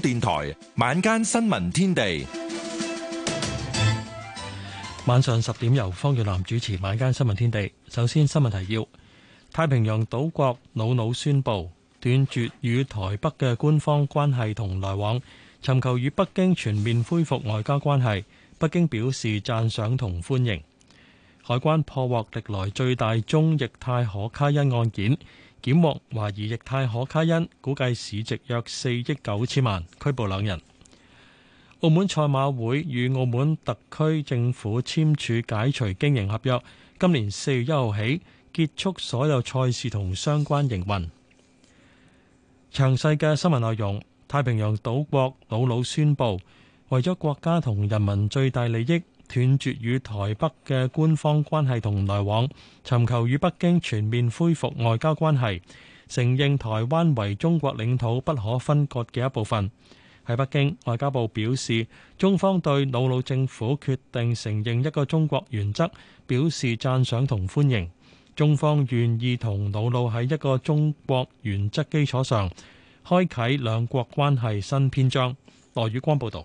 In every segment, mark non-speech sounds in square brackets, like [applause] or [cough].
電台晚間新聞天地，晚上十點由方遠南主持晚間新聞天地。首先新聞提要：太平洋島國瑙魯宣布斷絕與台北嘅官方關係同來往，尋求與北京全面恢復外交關係。北京表示讚賞同歡迎。海關破獲歷來最大中意泰可卡因案件。檢獲懷疑液態可卡因，估計市值約四億九千萬，拘捕兩人。澳門賽馬會與澳門特區政府簽署解除經營合約，今年四月一號起結束所有賽事同相關營運。詳細嘅新聞內容，太平洋島國瑙魯宣布為咗國家同人民最大利益，斷絕與台北嘅官方關係同來往，尋求與北京全面恢復外交關係，承認台灣為中國領土不可分割嘅一部分。喺北京，外交部表示，中方對瑙魯政府決定承認一個中國原則，表示讚賞同歡迎，中方願意同瑙魯喺一個中國原則基礎上開啓兩國關係新篇章。羅宇光報導。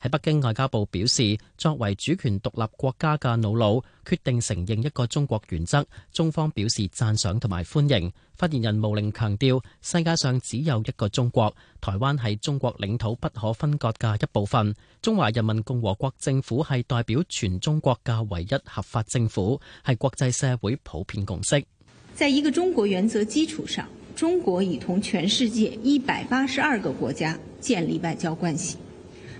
喺北京外交部表示，作為主權獨立國家嘅瑙魯，決定承認一個中國原則，中方表示讚賞同埋歡迎。發言人毛寧強調，世界上只有一個中國，台灣係中國領土不可分割嘅一部分，中華人民共和國政府係代表全中國嘅唯一合法政府，係國際社會普遍共識。在一個中國原則基礎上，中國已同全世界一百八十二個國家建立外交關係。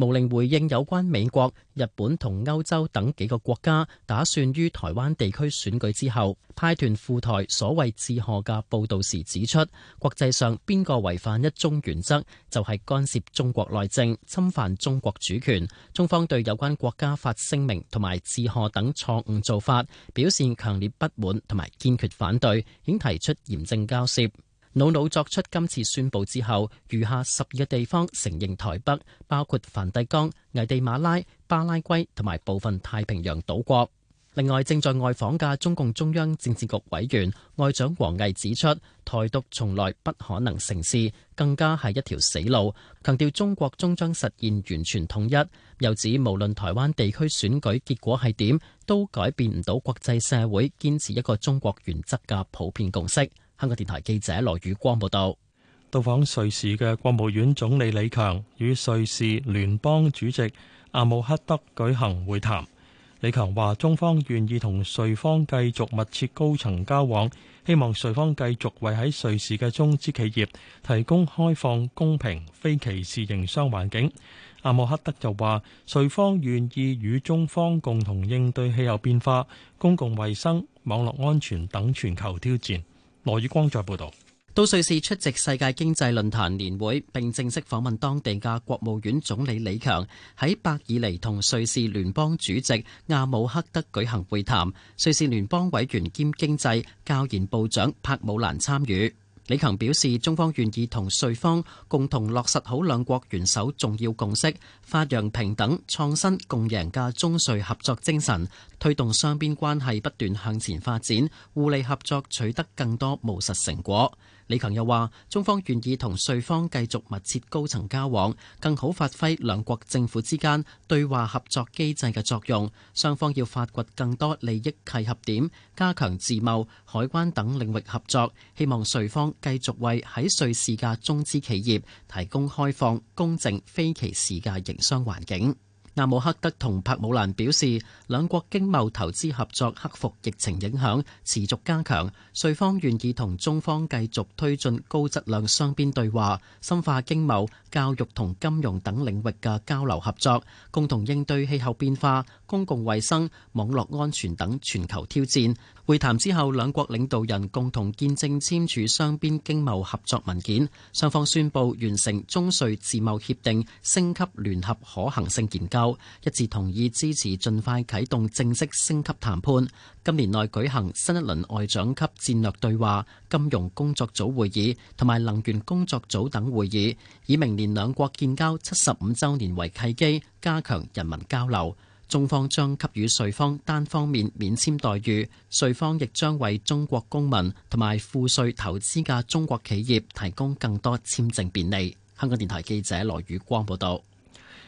毛寧回應有關美國、日本同歐洲等幾個國家打算於台灣地區選舉之後派團赴台所謂致賀嘅報道時指出，國際上邊個違反一中原則，就係干涉中國內政、侵犯中國主權，中方對有關國家發聲明同埋致賀等錯誤做法，表現強烈不滿同埋堅決反對，已經提出嚴正交涉。老老作出今次宣佈之後，餘下十二個地方承認台北，包括梵蒂岡、危地馬拉、巴拉圭同埋部分太平洋島國，另外，正在外訪嘅中共中央政治局委員外長王毅指出，台獨從來不可能成事，更加係一條死路，強調中國終將實現完全統一，又指無論台灣地區選舉結果係點都改變唔到國際社會堅持一個中國原則嘅普遍共識。香港電台記者羅宇光報道，到訪瑞士嘅國務院總理李強與瑞士聯邦主席阿姆赫德舉行會談。李強話，中方願意同瑞方繼續密切高層交往，希望瑞方繼續為喺瑞士嘅中資企業提供開放、公平、非歧視營商環境。阿姆赫德又話，瑞方願意與中方共同應對氣候變化、公共衛生、網絡安全等全球挑戰。羅宇光在報道，到瑞士出席世界經濟論壇年會，並正式訪問當地嘅國務院總理李強喺伯爾尼同瑞士聯邦主席阿姆克德舉行會談，瑞士聯邦委員兼經濟教研部長帕姆蘭參與。李強表示，中方願意同瑞方共同落實好兩國元首重要共識，發揚平等、創新、共贏嘅中瑞合作精神，推動雙邊關係不斷向前發展，互利合作取得更多務實成果。李強又話：中方願意同瑞方繼續密切高層交往，更好發揮兩國政府之間對話合作機制嘅作用。雙方要發掘更多利益契合點，加強自貿、海關等領域合作。希望瑞方繼續為喺瑞士嘅中資企業提供開放、公正、非歧視嘅營商環境。阿姆克德同柏姆蘭表示，兩國經貿投資合作克服疫情影響，持續加強。瑞方願意同中方繼續推進高質量雙邊對話，深化經貿、教育同金融等領域嘅交流合作，共同應對氣候變化、公共衛生、網絡安全等全球挑戰。會談之後，兩國領導人共同見證簽署雙邊經貿合作文件，雙方宣布完成中瑞自貿協定升級聯合可行性研究。一致同意支持盡快啟動正式升級談判，今年內舉行新一輪外長級戰略對話、金融工作組會議同埋能源工作組等會議，以明年兩國建交七十五周年為契機，加強人民交流。中方將給予瑞方單方面免簽待遇，瑞方亦將為中國公民同埋赴瑞投資嘅中國企業提供更多簽證便利。香港電台記者羅宇光報道。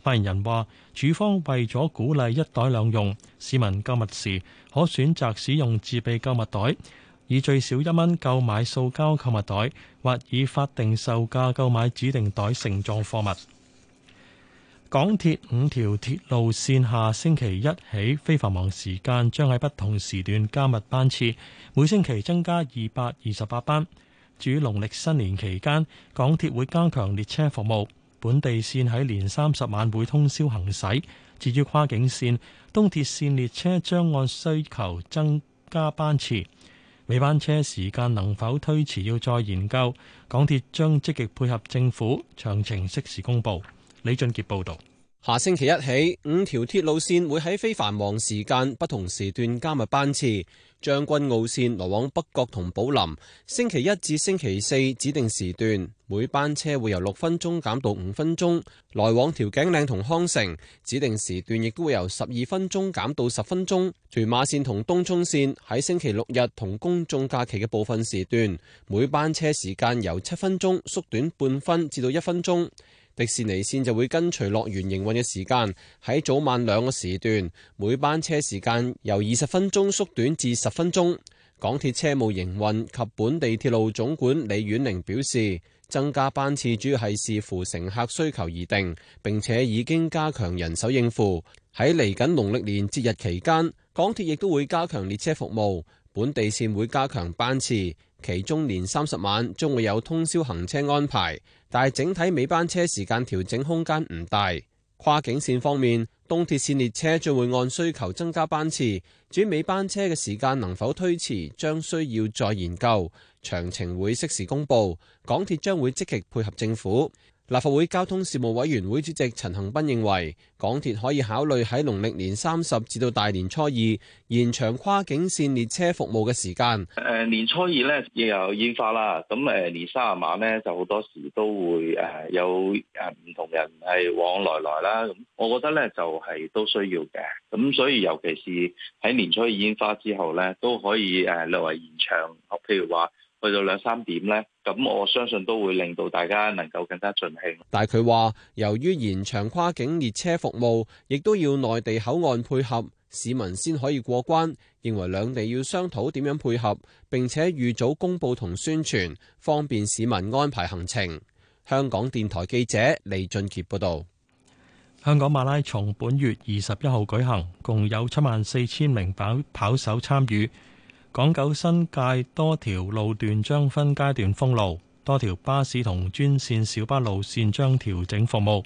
發言人話，署方為咗鼓勵一袋兩用，市民購物時可選擇使用自備購物袋，以最少一蚊購買塑膠購物袋，或以法定售價購買指定袋盛裝貨物。港鐵五條鐵路線下星期一起，非繁忙時間將喺不同時段加密班次，每星期增加二百二十八班。至於農曆新年期間，港鐵會加強列車服務。本地線喺年三十晚會通宵行駛，至於跨境綫東鐵綫列車將按需求增加班次，尾班車時間能否推遲要再研究。港鐵將積極配合政府，詳情適時公布，李俊傑報道。下星期一起，五條鐵路線會喺非繁忙時間不同時段加密班次。將軍澳綫來往北角同寶林，星期一至星期四指定時段，每班車會由六分鐘減到五分鐘；來往調景嶺同康城指定時段亦都會由十二分鐘減到十分鐘。屯馬綫同東涌綫喺星期六日同公眾假期嘅部分時段，每班車時間由七分鐘縮短半分至到一分鐘。迪士尼綫就會跟隨樂園營運嘅時間，喺早晚兩個時段，每班車時間由二十分鐘縮短至十分鐘。港鐵車務營運及本地鐵路總管李婉玲表示，增加班次主要係視乎乘客需求而定，並且已經加強人手應付。喺嚟緊農曆年節日期間，港鐵亦都會加強列車服務，本地綫會加強班次，其中年三十晚將會有通宵行車安排。但係整體尾班車時間調整空間唔大。跨境線方面，東鐵線列車將會按需求增加班次，至於尾班車嘅時間能否推遲，將需要再研究，詳情會適時公布。港鐵將會積極配合政府。立法會交通事務委員會主席陳恒斌認為，港鐵可以考慮喺農曆年三十至到大年初二延長跨境線列車服務嘅時間。誒年初二咧，亦有煙花啦，咁誒年卅晚咧就好多時都會誒有誒唔同人係往來來啦。咁我覺得咧就係都需要嘅，咁所以尤其是喺年初二煙花之後咧，都可以誒略為延長，譬如話。去到兩三點呢，咁我相信都會令到大家能夠更加盡興。但佢話，由於延長跨境列車服務，亦都要內地口岸配合，市民先可以過關。認為兩地要商討點樣配合，並且預早公布同宣傳，方便市民安排行程。香港電台記者李俊杰報道。香港馬拉松本月二十一號舉行，共有七萬四千名跑跑手參與。港九新界多條路段將分階段封路，多條巴士同專線小巴路線將調整服務，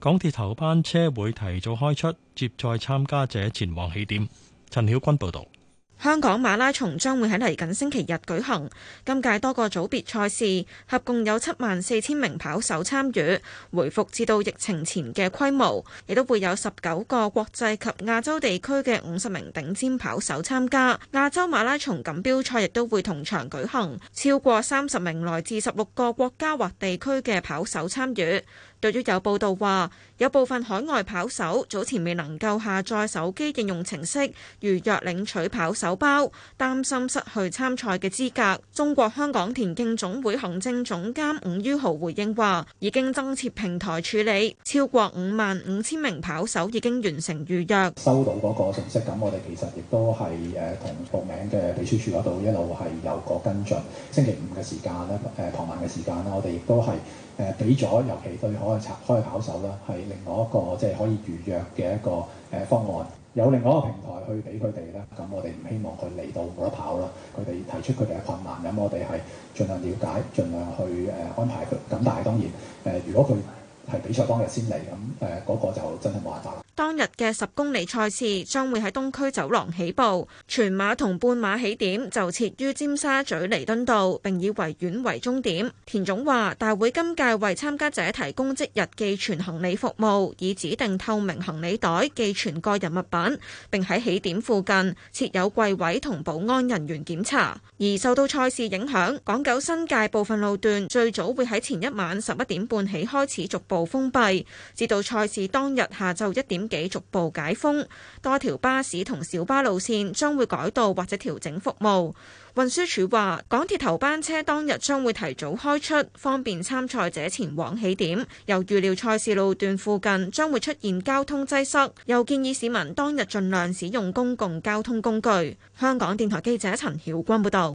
港鐵頭班車會提早開出，接載參加者前往起點，陳曉君報道。香港馬拉松將會喺嚟緊星期日舉行，今屆多個組別賽事，合共有七萬四千名跑手參與，回復至到疫情前嘅規模，亦都會有十九個國際及亞洲地區嘅五十名頂尖跑手參加。亞洲馬拉松錦標賽亦都會同場舉行，超過三十名來自十六個國家或地區嘅跑手參與。對於有報道話，有部分海外跑手早前未能夠下載手機應用程式預約領取跑手包，擔心失去參賽嘅資格。中國香港田徑總會行政總監伍于豪回應話已經增設平台處理，超過五萬五千名跑手已經完成預約。收到嗰個信息咁，我哋其實亦都係誒同報名嘅秘書處嗰度一路係有個跟進。星期五嘅時間咧，誒傍晚嘅時間啦，我哋亦都係誒俾咗，尤其對海外參、海外跑手啦，係。另外一個即係、就是、可以預約嘅一個誒方案，有另外一個平台去俾佢哋咧，咁我哋唔希望佢嚟到冇得跑啦。佢哋提出佢哋嘅困難，咁我哋係盡量了解，盡量去誒安排佢。咁但係當然誒、呃，如果佢係比賽當日先嚟，咁誒、呃嗰個就真係係冇辦法。當日嘅十公里賽事將會喺東區走廊起步，全馬同半馬起點就設於尖沙咀彌敦道，並以維園為終點。田總話，大會今屆為參加者提供即日寄存行李服務，以指定透明行李袋寄存個人物品，並喺起點附近設有櫃位同保安人員檢查。而受到賽事影響，港九新界部分路段最早會喺前一晚十一點半起開始逐步封閉，至到賽事當日下晝一點。幾逐步解封，多條巴士同小巴路線將會改道或者調整服務。運輸署話，港鐵頭班車當日將會提早開出，方便參賽者前往起點。又預料賽事路段附近將會出現交通擠塞，又建議市民當日盡量使用公共交通工具。香港電台記者陳曉君報道。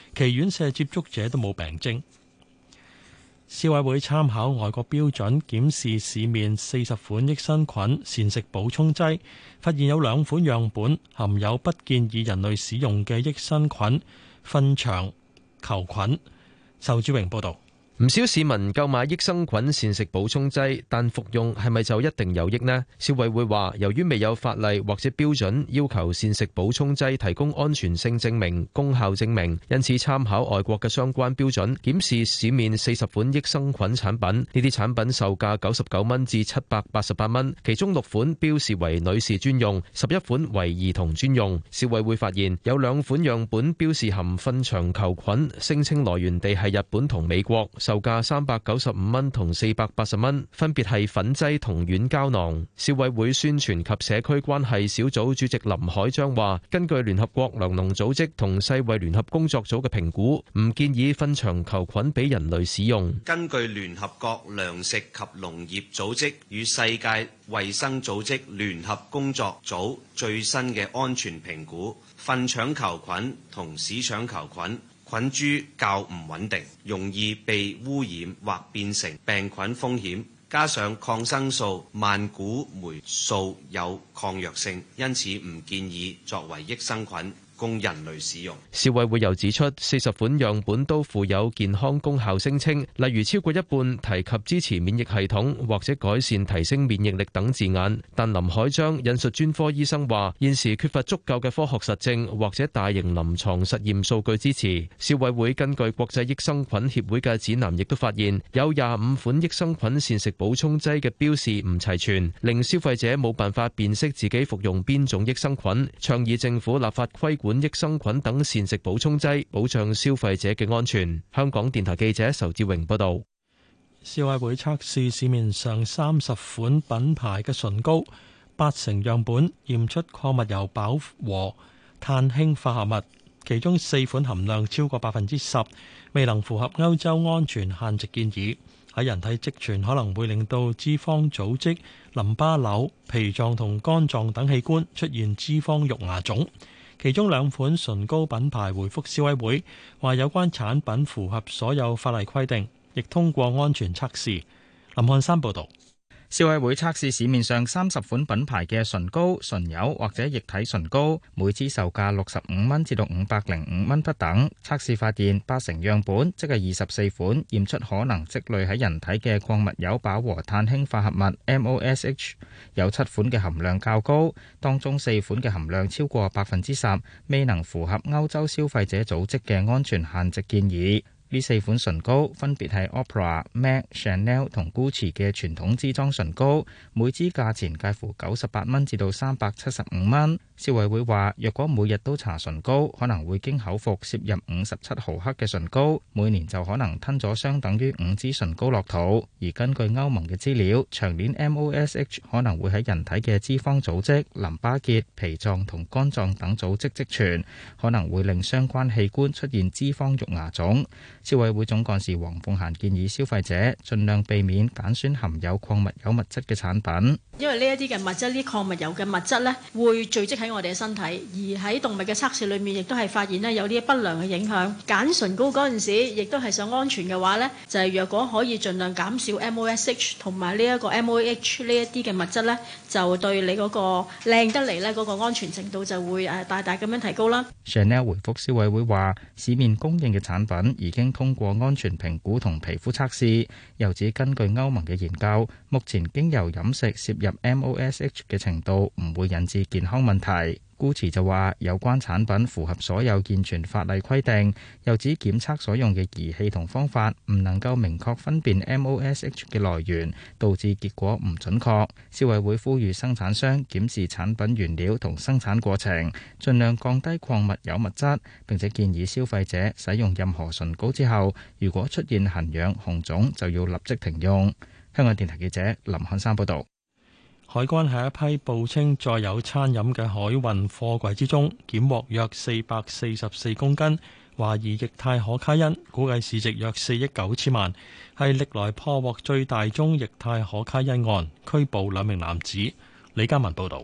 其院舍接觸者都冇病徵。消委會參考外國標準檢視市面四十款益生菌膳食補充劑，發現有兩款樣本含有不建議人類使用嘅益生菌糞腸球菌。仇志榮報道。唔少市民購買益生菌膳食補充劑，但服用係咪就一定有益呢？消委會話，由於未有法例或者標準要求膳食補充劑提供安全性證明、功效證明，因此參考外國嘅相關標準，檢視市面四十款益生菌產品。呢啲產品售價九十九蚊至七百八十八蚊，其中六款標示為女士專用，十一款為兒童專用。消委會發現有兩款樣本標示含糞腸球菌，聲稱來源地係日本同美國。售價三百九十五蚊同四百八十蚊，分別係粉劑同軟膠囊。消委會宣傳及社區關係小組主席林海章話：根據聯合國糧農組織同世衛聯合工作組嘅評估，唔建議糞腸球菌俾人類使用。根據聯合國糧食及農業組織與世界衛生組織聯合工作組最新嘅安全評估，糞腸球菌同屎腸球菌。菌株較唔穩定，容易被污染或變成病菌風險。加上抗生素、萬古黴素有抗藥性，因此唔建議作為益生菌，供人類使用。消委會又指出，四十款樣本都附有健康功效聲稱，例如超過一半提及支持免疫系統或者改善、提升免疫力等字眼。但林海章引述專科醫生話：現時缺乏足夠嘅科學實證或者大型臨床實驗數據支持。消委會根據國際益生菌協會嘅指南，亦都發現有廿五款益生菌膳食補充劑嘅標示唔齊全，令消費者冇辦法辨識自己服用邊種益生菌。倡議政府立法規管。本益生菌等膳食補充劑保障消費者嘅安全。香港電台記者仇志榮報道，消委會測試市面上三十款品牌嘅唇膏，八成樣本驗出礦物油飽和碳氫化合物，其中四款含量超過百分之十，未能符合歐洲安全限值建議。喺人體積存可能會令到脂肪組織、淋巴瘤、脾臟同肝臟等器官出現脂肪肉芽腫。其中兩款唇膏品牌回覆消委會，話有關產品符合所有法例規定，亦通過安全測試。林漢山報導。消委會測試市面上三十款品牌嘅唇膏、唇油或者液體唇膏，每支售價六十五蚊至到五百零五蚊不等。測試發現，八成樣本，即係二十四款，驗出可能積累喺人體嘅礦物油飽和碳氫化合物 MOSH，有七款嘅含量較高，當中四款嘅含量超過百分之十，未能符合歐洲消費者組織嘅安全限值建議。呢四款唇膏分別係 Opera、Mac、Chanel 同 Gucci 嘅傳統支裝唇膏，每支價錢介乎九十八蚊至到三百七十五蚊。消委會話，若果每日都搽唇膏，可能會經口服攝入五十七毫克嘅唇膏，每年就可能吞咗相等於五支唇膏落肚。而根據歐盟嘅資料，長鏈 MOSH 可能會喺人體嘅脂肪組織、淋巴結、脾臟同肝臟等組織積存，可能會令相關器官出現脂肪肉芽腫。消委會總幹事黃鳳嫻建議消費者盡量避免揀選含有礦物油物質嘅產品。因為呢一啲嘅物質，呢啲礦物油嘅物質咧，會聚集喺我哋嘅身體，而喺動物嘅測試裏面，亦都係發現咧有啲不良嘅影響。揀唇膏嗰陣時，亦都係想安全嘅話咧，就係若果可以盡量減少 MOSH 同埋呢一個 MOH 呢一啲嘅物質咧，就對你嗰個靚得嚟咧嗰個安全程度就會誒大大咁樣提高啦。Chanel 回覆消委會話：市面供應嘅產品已經通過安全評估同皮膚測試，又指根據歐盟嘅研究，目前經由飲食攝入。M.O.S.H. 嘅程度唔會引致健康問題。顧慈就話有關產品符合所有健全法例規定，又指檢測所用嘅儀器同方法唔能夠明確分辨 M.O.S.H. 嘅來源，導致結果唔準確。消委會呼籲生產商檢視產品原料同生產過程，盡量降低礦物有物質，並且建議消費者使用任何唇膏之後，如果出現痕癢紅腫，就要立即停用。香港電台記者林漢山報道。海關喺一批報稱載有餐飲嘅海運貨櫃之中，檢獲約四百四十四公斤懷疑液態可卡因，估計市值約四億九千萬，係歷來破獲最大宗液態可卡因案，拘捕兩名男子。李嘉文報道：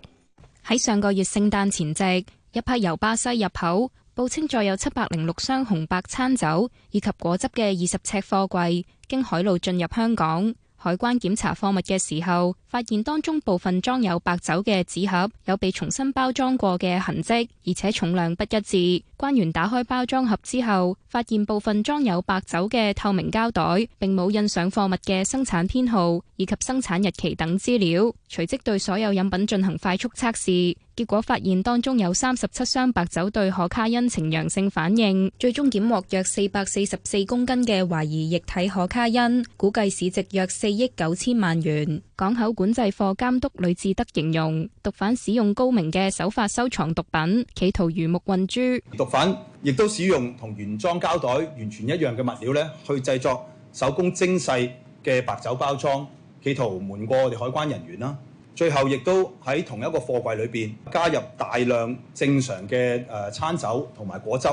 喺上個月聖誕前夕，一批由巴西入口、報稱載有七百零六箱紅白餐酒以及果汁嘅二十尺貨櫃，經海路進入香港。海關檢查貨物嘅時候，發現當中部分裝有白酒嘅紙盒有被重新包裝過嘅痕迹，而且重量不一致。關員打開包裝盒之後，發現部分裝有白酒嘅透明膠袋，並冇印上貨物嘅生產編號以及生產日期等資料，隨即對所有飲品進行快速測試。結果發現當中有三十七箱白酒對可卡因呈陽性反應，最終檢獲約四百四十四公斤嘅懷疑液體可卡因，估計市值約四億九千萬元。港口管制課監督呂志德形容，毒販使用高明嘅手法收藏毒品，企圖魚目混珠。毒販亦都使用同原裝膠袋完全一樣嘅物料咧，去製作手工精細嘅白酒包裝，企圖瞞過我哋海關人員啦。最後亦都喺同一個貨櫃裏邊加入大量正常嘅誒餐酒同埋果汁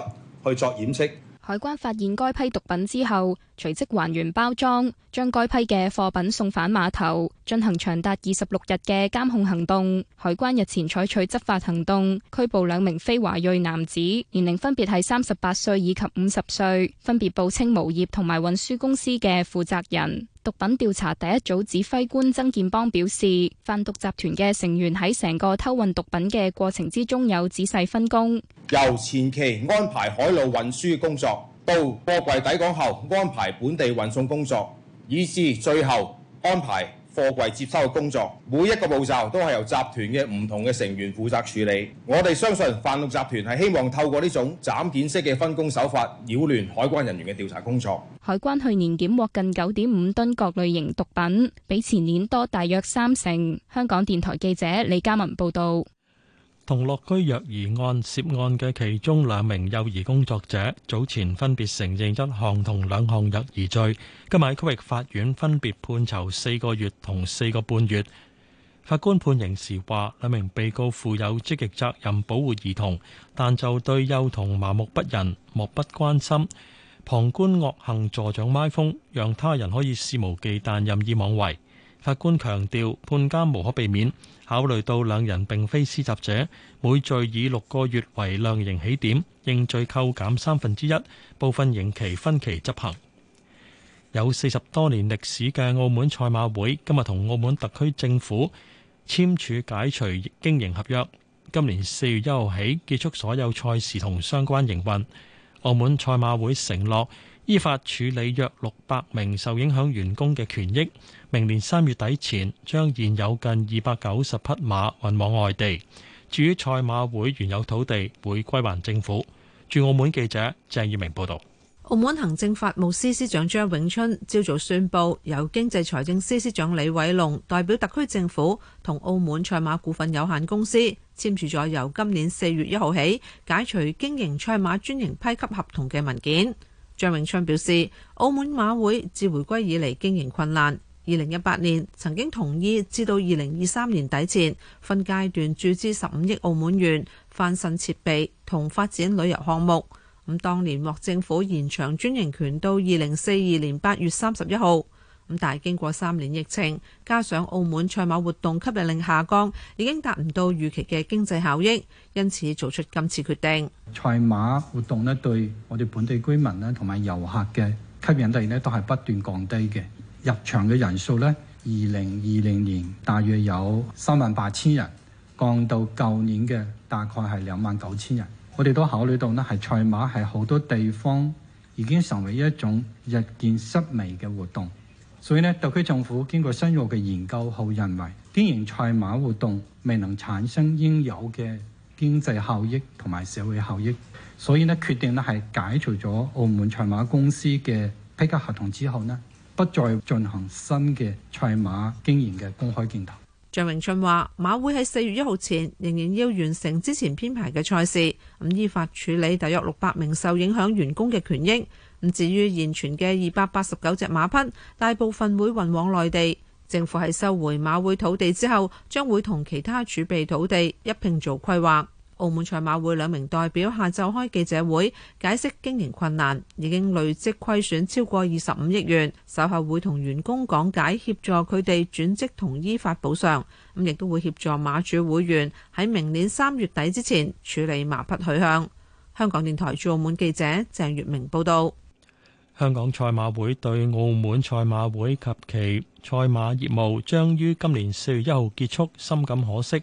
去作掩飾。海關發現該批毒品之後，隨即還原包裝，將該批嘅貨品送返碼頭進行長達二十六日嘅監控行動。海關日前採取執法行動，拘捕兩名非華裔男子，年齡分別係三十八歲以及五十歲，分別報稱無業同埋運輸公司嘅負責人。毒品調查第一組指揮官曾建邦表示，販毒集團嘅成員喺成個偷運毒品嘅過程之中有仔細分工，由前期安排海路運輸工作，到貨櫃抵港後安排本地運送工作，以至最後安排貨櫃接收嘅工作，每一個步驟都係由集團嘅唔同嘅成員負責處理。我哋相信泛陸集團係希望透過呢種斬件式嘅分工手法，擾亂海關人員嘅調查工作。海關去年檢獲近九點五噸各類型毒品，比前年多大約三成。香港電台記者李嘉文報導。同樂居虐兒案涉案嘅其中兩名幼兒工作者，早前分別承認一項同兩項虐兒罪，今日喺區域法院分別判囚四個月同四個半月。法官判刑時話：兩名被告負有積極責任保護兒童，但就對幼童麻木不仁、漠不關心、旁觀惡行助長歪風，讓他人可以肆無忌憚任意妄為。法官強調判監無可避免。考慮到兩人並非施襲者，每罪以六個月為量刑起點，認罪扣減三分之一，部分刑期分期執行。有四十多年歷史嘅澳門賽馬會今日同澳門特區政府簽署解除經營合約，今年四月一號起結束所有賽事同相關營運。澳門賽馬會承諾依法處理約六百名受影響員工嘅權益。明年三月底前，將現有近二百九十匹馬運往外地。至於賽馬會原有土地會歸還政府。駐澳門記者鄭耀明報道。澳門行政法務司司長張永春朝早宣佈，由經濟財政司司長李偉龍代表特區政府同澳門賽馬股份有限公司簽署咗由今年四月一號起解除經營賽馬專營批給合同嘅文件。張永春表示，澳門馬會自回歸以嚟經營困難。二零一八年曾經同意至到二零二三年底前分階段注資十五億澳門元，翻新設備同發展旅遊項目。咁當年獲政府延長專營權到二零四二年八月三十一號。咁但係經過三年疫情，加上澳門賽馬活動吸引力下降，已經達唔到預期嘅經濟效益，因此做出今次決定。賽馬活動呢對我哋本地居民呢同埋遊客嘅吸引力呢都係不斷降低嘅。入場嘅人數呢，二零二零年大約有三萬八千人，降到舊年嘅大概係兩萬九千人。我哋都考慮到呢，係賽馬係好多地方已經成為一種日漸式微嘅活動，所以呢，特區政府經過深入嘅研究後，認為經營賽馬活動未能產生應有嘅經濟效益同埋社會效益，所以呢，決定呢係解除咗澳門賽馬公司嘅批給合同之後呢。不再進行新嘅賽馬經營嘅公開競投。張榮春話：馬會喺四月一號前仍然要完成之前編排嘅賽事，咁依法處理大約六百名受影響員工嘅權益。咁至於現存嘅二百八十九隻馬匹，大部分會運往內地。政府喺收回馬會土地之後，將會同其他儲備土地一併做規劃。澳門賽馬會兩名代表下晝開記者會，解釋經營困難，已經累積虧損超過二十五億元。稍後會同員工講解，協助佢哋轉職同依法補償。咁亦都會協助馬主會員喺明年三月底之前處理馬匹去向。香港電台駐澳門記者鄭月明報道。香港賽馬會對澳門賽馬會及其賽馬業務將於今年四月一號結束，深感可惜。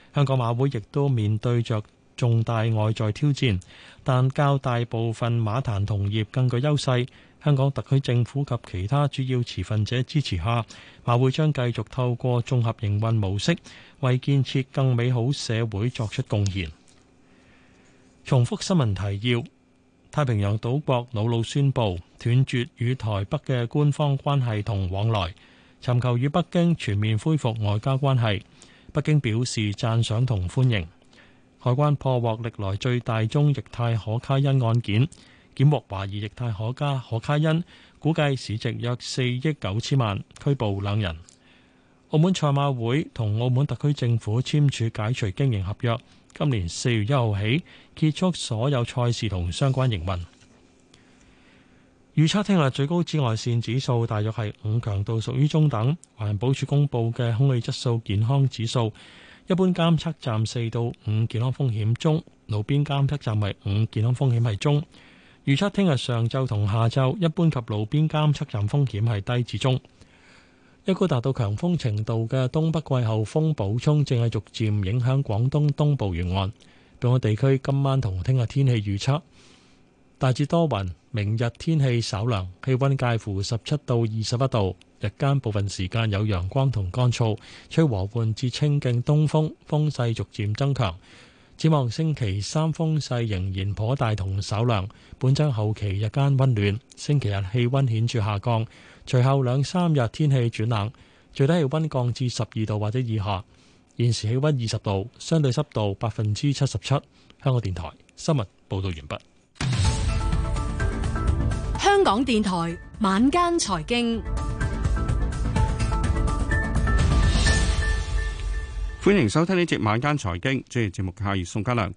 香港馬會亦都面對着重大外在挑戰，但較大部分馬壇同業更具優勢。香港特區政府及其他主要持份者支持下，馬會將繼續透過綜合營運模式，為建設更美好社會作出貢獻。重複新聞提要：太平洋島國瑙魯宣布斷絕與台北嘅官方關係同往來，尋求與北京全面恢復外交關係。北京表示讚賞同歡迎，海關破獲歷來最大宗液態可卡因案件，檢獲懷疑液態可加可卡因，估計市值約四億九千萬，拘捕兩人。澳門賽馬會同澳門特區政府簽署解除經營合約，今年四月一號起結束所有賽事同相關營運。預測聽日最高紫外線指數大約係五強度，屬於中等。環保署公布嘅空氣質素健康指數，一般監測站四到五健康風險中，路邊監測站為五健康風險係中。預測聽日上晝同下晝，一般及路邊監測站風險係低至中。一股達到強風程度嘅東北季候風補充，正係逐漸影響廣東東部沿岸。本港地區今晚同聽日天氣預測大致多雲。明日天氣稍涼，氣溫介乎十七到二十一度，日間部分時間有陽光同乾燥，吹和緩至清勁東風，風勢逐漸增強。展望星期三風勢仍然頗大同稍涼，本周後期日間溫暖，星期日氣溫顯著下降，隨後兩三日天氣轉冷，最低氣溫降至十二度或者以下。現時氣溫二十度，相對濕度百分之七十七。香港電台新聞報道完畢。香港電台晚間財經，歡迎收聽呢節晚間財經。主持節目係宋嘉良。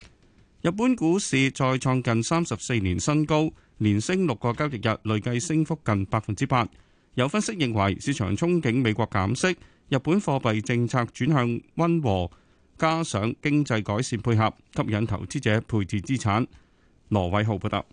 日本股市再創近三十四年新高，連升六個交易日，累計升幅近百分之八。有分析認為，市場憧憬美國減息，日本貨幣政策轉向溫和，加上經濟改善配合，吸引投資者配置資產。羅偉浩報道。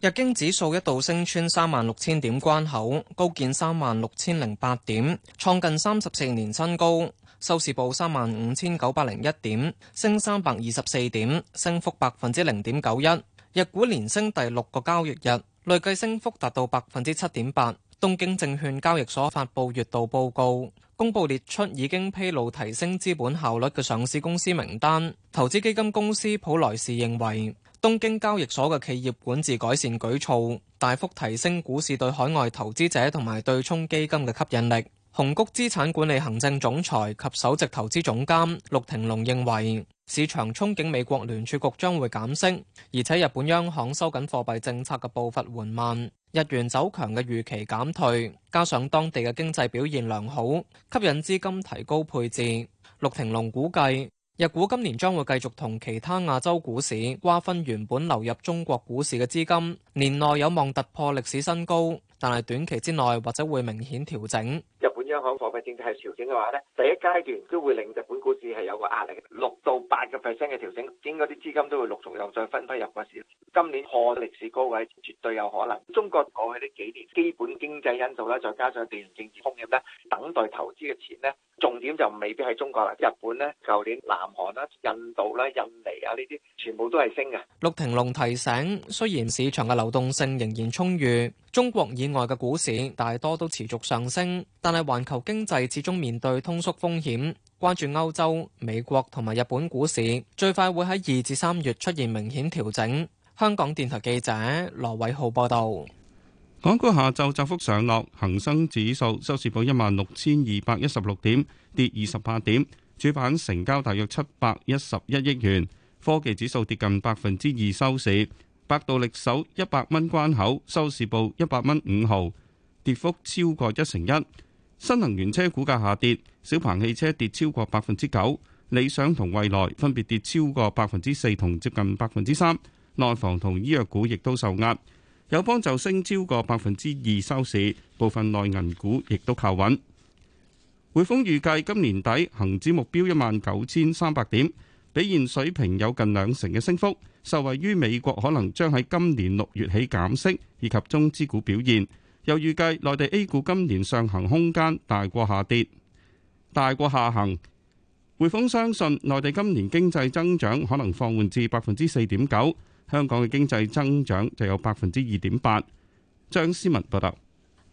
日經指數一度升穿三萬六千點關口，高見三萬六千零八點，創近三十四年新高。收市報三萬五千九百零一點，升三百二十四點，升幅百分之零點九一。日股連升第六個交易日，累計升幅達到百分之七點八。東京證券交易所發布月度報告，公布列出已經披露提升資本效率嘅上市公司名單。投資基金公司普萊士認為。東京交易所嘅企業管治改善舉措大幅提升股市對海外投資者同埋對沖基金嘅吸引力。紅谷資產管理行政總裁及首席投資總監陸廷龍認為，市場憧憬美國聯儲局將會減息，而且日本央行收緊貨幣政策嘅步伐緩慢，日元走強嘅預期減退，加上當地嘅經濟表現良好，吸引資金提高配置。陸廷龍估計。日股今年將會繼續同其他亞洲股市瓜分原本流入中國股市嘅資金，年內有望突破歷史新高，但係短期之內或者會明顯調整。日本央行貨幣政策係調整嘅話咧，第一階段都會令日本股市係有個壓力嘅，六到八個 percent 嘅調整，應該啲資金都會陸續又再分批入個市。今年破歷史高位絕對有可能。中國過去呢幾年基本經濟因素咧，再加上地緣政治風險咧，等待投資嘅錢咧。重點就未必喺中國啦，日本呢，舊年南韓啦、印度啦、印尼啊呢啲，全部都係升嘅。陸廷龍提醒：雖然市場嘅流動性仍然充裕，中國以外嘅股市大多都持續上升，但係環球經濟始終面對通縮風險。關注歐洲、美國同埋日本股市，最快會喺二至三月出現明顯調整。香港電台記者羅偉浩報道。港股下晝窄幅上落，恒生指數收市報一萬六千二百一十六點，跌二十八點，主板成交大約七百一十一億元。科技指數跌近百分之二收市，百度力守一百蚊關口，收市報一百蚊五毫，跌幅超過一成一。新能源車股價下跌，小鵬汽車跌超過百分之九，理想同蔚來分別跌超過百分之四同接近百分之三。內房同醫藥股亦都受壓。友邦就升超過百分之二收市，部分內銀股亦都靠穩。滙豐預計今年底恒指目標一萬九千三百點，比現水平有近兩成嘅升幅，受惠於美國可能將喺今年六月起減息，以及中資股表現。又預計內地 A 股今年上行空間大過下跌，大過下行。滙豐相信內地今年經濟增長可能放緩至百分之四點九。香港嘅經濟增長就有百分之二點八。張思文報道，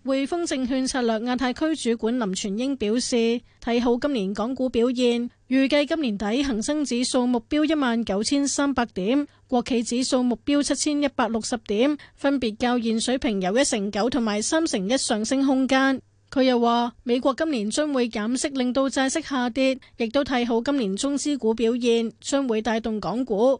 匯豐證券策略亞太區主管林全英表示，睇好今年港股表現，預計今年底恒生指數目標一萬九千三百點，國企指數目標七千一百六十點，分別較現水平有一成九同埋三成一上升空間。佢又話，美國今年將會減息，令到債息下跌，亦都睇好今年中資股表現，將會帶動港股。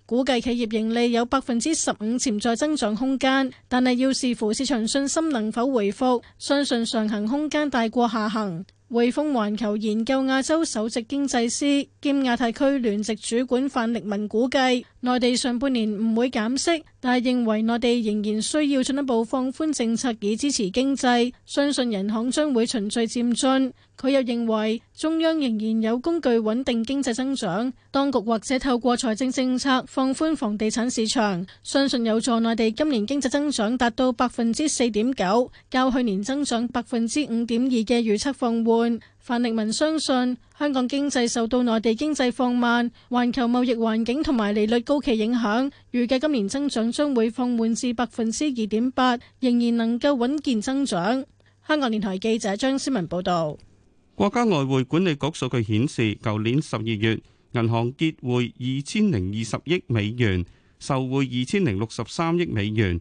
估計企業盈利有百分之十五潛在增長空間，但係要視乎市場信心能否回復，相信上行空間大過下行。匯豐環球研究亞洲首席經濟師兼亞太區聯席主管范力文估計，內地上半年唔會減息，但係認為內地仍然需要進一步放寬政策以支持經濟。相信銀行將會循序漸進。佢又認為中央仍然有工具穩定經濟增長，當局或者透過財政政策放寬房地產市場，相信有助內地今年經濟增長達到百分之四點九，較去年增長百分之五點二嘅預測放緩。范力文相信香港經濟受到內地經濟放慢、環球貿易環境同埋利率高企影響，預計今年增長將會放緩至百分之二點八，仍然能夠穩健增長。香港電台記者張思文報道。國家外匯管理局數據顯示，舊年十二月銀行結匯二千零二十億美元，售匯二千零六十三億美元，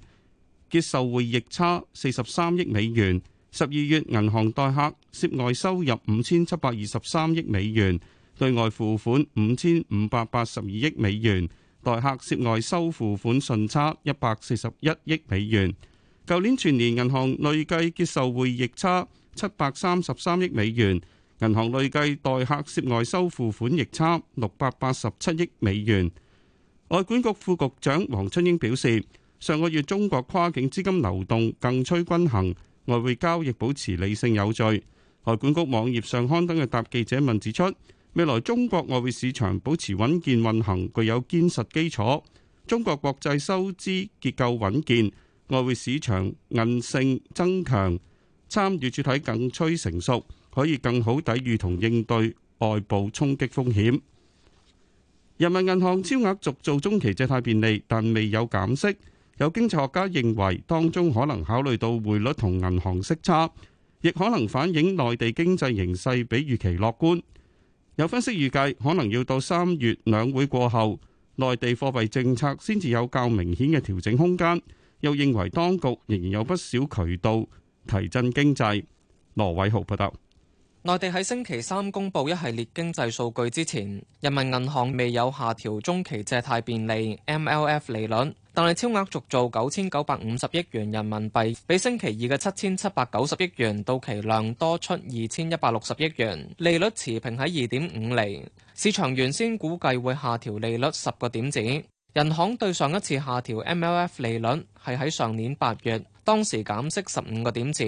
結售匯逆差四十三億美元。十二月銀行代客涉外收入五千七百二十三億美元，對外付款五千五百八十二億美元，代客涉外收付款順差一百四十一億美元。舊年全年銀行累計結售匯逆差七百三十三億美元，銀行累計代客涉外收付款逆差六百八十七億美元。外管局副局長王春英表示，上個月中國跨境資金流動更趨均衡。外匯交易保持理性有序。外管局網頁上刊登嘅答記者問指出，未來中國外匯市場保持穩健運行，具有堅實基礎。中國國際收支結構穩健，外匯市場韌性增強，參與主體更趨成熟，可以更好抵禦同應對外部衝擊風險。人民銀行超額續做中期借貸便利，但未有減息。有經濟學家認為，當中可能考慮到匯率同銀行息差，亦可能反映內地經濟形勢比預期樂觀。有分析預計，可能要到三月兩會過後，內地貨幣政策先至有較明顯嘅調整空間。又認為當局仍然有不少渠道提振經濟。羅偉豪報道，內地喺星期三公布一系列經濟數據之前，人民銀行未有下調中期借貸便利 （MLF） 利率。但係超額續做九千九百五十億元人民幣，比星期二嘅七千七百九十億元到期量多出二千一百六十億元，利率持平喺二點五厘，市場原先估計會下調利率十個點子。人行對上一次下調 MLF 利率係喺上年八月，當時減息十五個點子。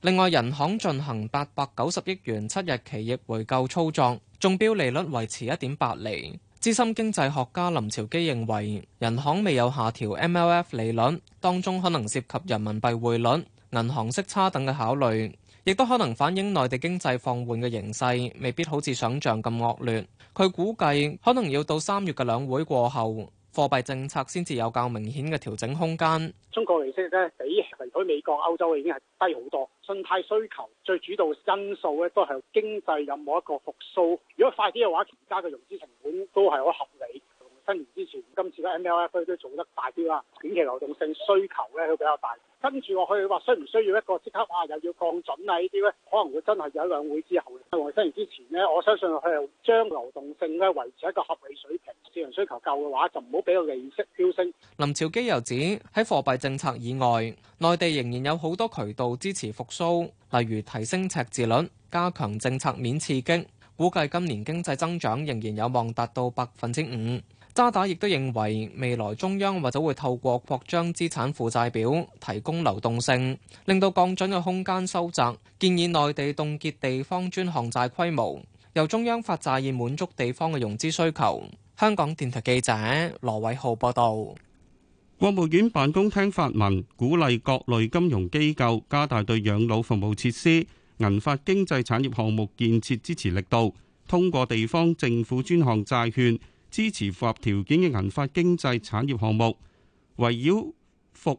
另外，人行進行八百九十億元七日期逆回購操作，中標利率維持一點八厘。資深經濟學家林朝基認為，人行未有下調 MLF 利率，當中可能涉及人民幣匯率、銀行息差等嘅考慮，亦都可能反映內地經濟放緩嘅形勢，未必好似想象咁惡劣。佢估計，可能要到三月嘅兩會過後，貨幣政策先至有較明顯嘅調整空間。中國利息咧比嚟睇美國、歐洲已經係低好多。信貸需求最主導因素咧都係經濟有冇一個復甦。如果快啲嘅話，其他嘅融資成本都係好合理。新年之前，今次嘅 M.L.F. 都做得大啲啦。短期流動性需求咧都比較大，跟住落去話需唔需要一個即刻啊，又要降準啊，呢啲咧，可能會真係有一兩會之後。喺新年之前呢，我相信佢又將流動性咧維持一個合理水平。市場需求夠嘅話，就唔好俾個利息飆升。林朝基，又指喺貨幣政策以外，內地仍然有好多渠道支持復甦，例如提升赤字率、加強政策面刺激。估計今年經濟增長仍然有望達到百分之五。渣打亦都認為，未來中央或者會透過擴張資產負債表提供流動性，令到降準嘅空間收窄。建議內地凍結地方專項債規模，由中央發債以滿足地方嘅融資需求。香港電台記者羅偉浩報道。國務院辦公廳發文，鼓勵各類金融機構加大對養老服務設施、銀發經濟產業項目建設支持力度，通過地方政府專項債券。支持符合條件嘅銀發經濟產業項目，圍繞復、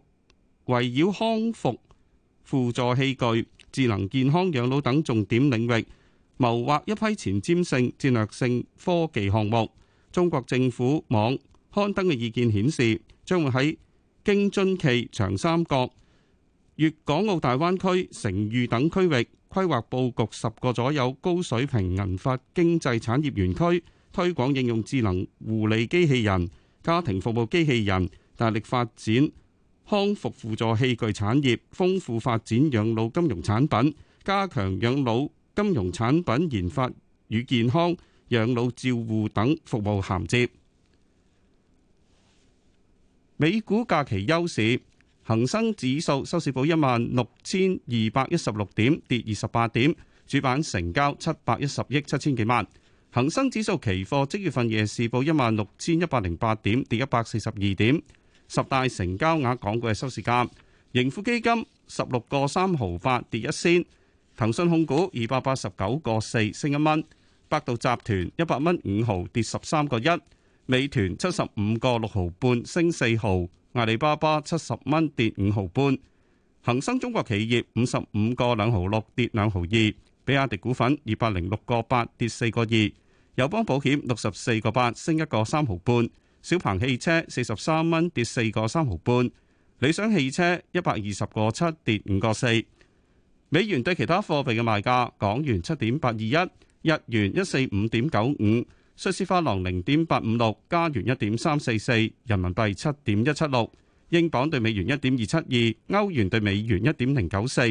圍繞康復、輔助器具、智能健康、養老等重點領域，謀劃一批前瞻性、戰略性科技項目。中國政府網刊登嘅意見顯示，將會喺京津冀、長三角、粵港澳大灣區、成渝等區域規劃佈局十個左右高水平銀發經濟產業園區。推廣應用智能護理機器人、家庭服務機器人，大力發展康復輔助器具產業，豐富發展養老金融產品，加強養老金融產品研發與健康、養老照護等服務銜接。美股假期休市，恒生指數收市報一萬六千二百一十六點，跌二十八點，主板成交七百一十億七千幾萬。恒生指數期貨即月份夜市報一萬六千一百零八點，跌一百四十二點。十大成交額港股嘅收市價：盈富基金十六個三毫八跌一仙，騰訊控股二百八十九個四升一蚊，百度集團一百蚊五毫跌十三個一，美團七十五個六毫半升四毫，阿里巴巴七十蚊跌五毫半，恒生中國企業五十五個兩毫六跌兩毫二，比亞迪股份二百零六個八跌四個二。友邦保險六十四個八升一個三毫半，小鵬汽車四十三蚊跌四個三毫半，理想汽車一百二十個七跌五個四。美元對其他貨幣嘅賣價：港元七點八二一，日元一四五點九五，瑞士法郎零點八五六，加元一點三四四，人民幣七點一七六，英鎊對美元一點二七二，歐元對美元一點零九四，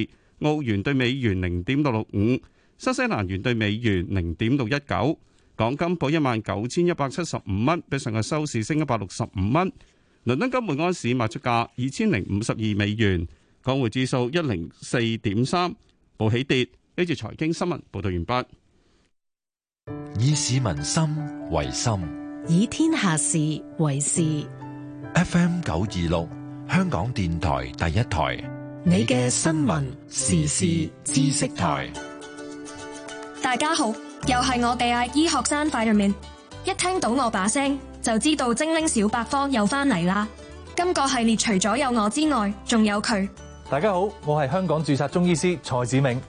澳元對美元零點六六五，新西蘭元對美元零點六一九。港金報一萬九千一百七十五蚊，比上日收市升一百六十五蚊。倫敦金每安士賣出價二千零五十二美元。港匯指數一零四點三，報起跌。呢段財經新聞報道完畢。以市民心為心，以天下事為事。FM 九二六，香港電台第一台，你嘅新聞時事知識台。大家好。又係我哋 I E 學生快入面， [noise] 一聽到我把聲，就知道精靈小百科又翻嚟啦。今個系列除咗有我之外，仲有佢。大家好，我係香港注冊中醫師蔡子明。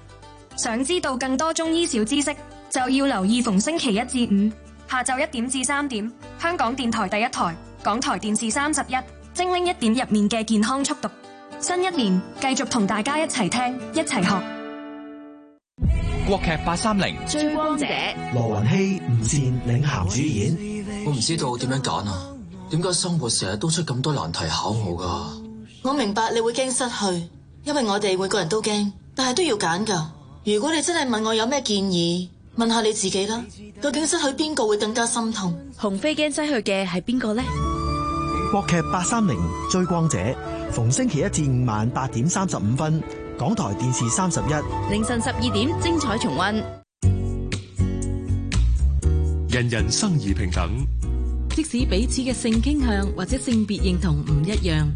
想知道更多中醫小知識，就要留意逢星期一至五下晝一點至三點，香港電台第一台、港台電視三十一精靈一點入面嘅健康速讀。新一年繼續同大家一齊聽，一齊學。國劇八三零追光者，羅雲熙、吳倩領銜主演。我唔知道點樣揀啊！點解生活成日都出咁多難題考我噶？我明白你會驚失去，因為我哋每個人都會驚，但係都要揀噶。如果你真係問我有咩建議，問下你自己啦。究竟失去邊個會更加心痛？鴻飛驚失去嘅係邊個呢？國劇八三零追光者，逢星期一至五晚八點三十五分。港台電視三十一，凌晨十二點，精彩重温。人人生而平等，即使彼此嘅性傾向或者性別認同唔一樣，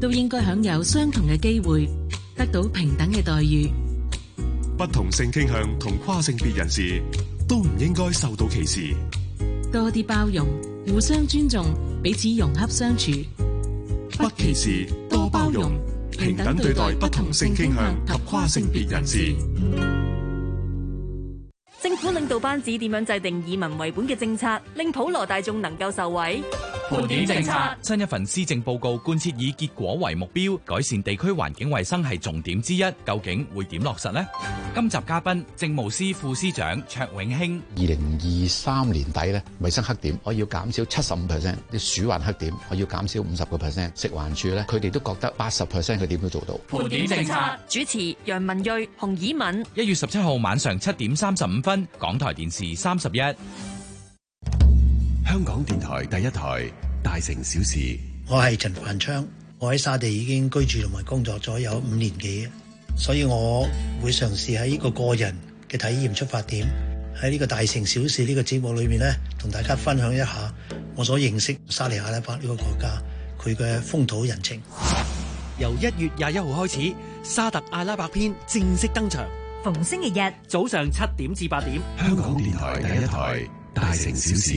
都應該享有相同嘅機會，得到平等嘅待遇。不同性傾向同跨性別人士都唔應該受到歧視。多啲包容，互相尊重，彼此融洽相處，不歧視，多包容。平等對待不同性傾向及跨性別人士。政府領導班子點樣制定以民為本嘅政策，令普羅大眾能夠受惠？盤點政策，新一份施政報告貫徹以結果為目標，改善地區環境衛生係重點之一，究竟會點落實呢？今集嘉賓，政務司副司長卓永興。二零二三年底咧，衛生黑點我要減少七十五 percent，啲鼠患黑點我要減少五十個 percent，食環署咧，佢哋都覺得八十 percent 佢點都做到。盤點政策，主持楊文睿、洪綺敏。一月十七號晚上七點三十五分，港台電視三十一。香港電台第一台《大城小事》，我係陳凡昌，我喺沙地已經居住同埋工作咗有五年幾，所以我會嘗試喺呢個個人嘅體驗出發點，喺呢個《大城小事》呢個節目裏面咧，同大家分享一下我所認識沙地阿拉伯呢個國家佢嘅風土人情。由一月廿一號開始，《沙特阿拉伯篇》正式登場，逢星期日早上七點至八點，香港,香港電台第一台《大城小事》。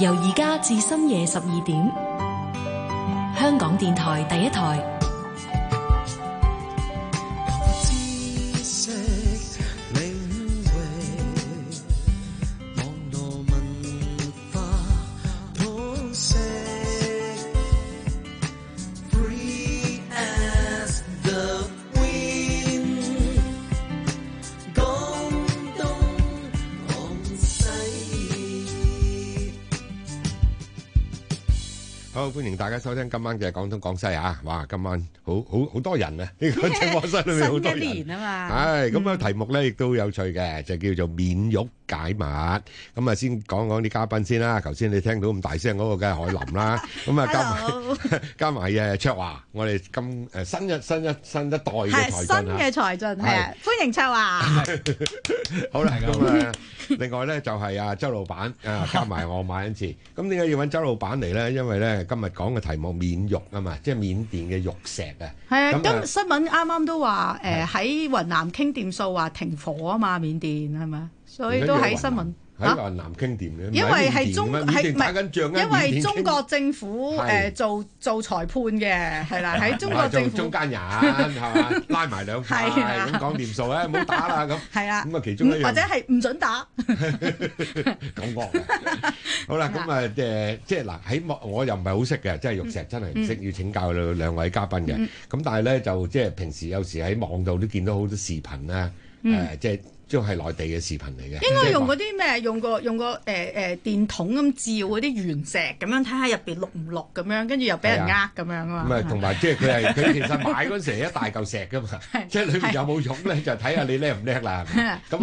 由而家至深夜十二點，香港電台第一台。歡迎大家收聽今晚嘅廣東廣西啊。哇！今晚好好,好多人啊，呢 Yeah, 個直播室裏面好多人啊嘛。係咁啊，樣題目呢，亦、嗯、都有趣嘅，就叫做面肉」。解密，咁啊！先講講啲嘉賓先啦。頭先你聽到咁大聲嗰個，梗係海林啦。咁啊，加埋，加埋啊卓華，我哋咁誒新一新一新一代嘅才俊係新嘅才俊，係歡迎卓華。好啦，咁啊，另外咧就係阿周老闆啊，加埋我馬恩志。咁點解要揾周老闆嚟咧？因為咧今日講嘅題目，緬玉啊嘛，即係緬甸嘅玉石啊。係啊，都新聞啱啱都話誒喺雲南傾掂數話停火啊嘛，緬甸係咪？所以都喺新聞喺雲南傾掂嘅，因為係中係唔係？因為中國政府誒做做裁判嘅係啦，喺中國政府做中間人係嘛，拉埋兩塊咁講掂數啊！唔好打啦咁。係啦咁啊，其中一個或者係唔準打咁惡嘅。好啦，咁啊誒，即係嗱喺網，我又唔係好識嘅，即係玉石真係唔識，要請教兩位嘉賓嘅。咁但係咧就即係平時有時喺網度都見到好多視頻啊，誒即係。即係內地嘅視頻嚟嘅，應該用嗰啲咩？用個用個誒誒電筒咁照嗰啲原石咁樣，睇下入邊綠唔綠咁樣，跟住又俾人呃咁樣啊嘛。唔係的，同埋即係佢係佢其實買嗰時係一大嚿石㗎嘛，的即係裏面有冇用咧就睇下你叻唔叻啦。咁的。的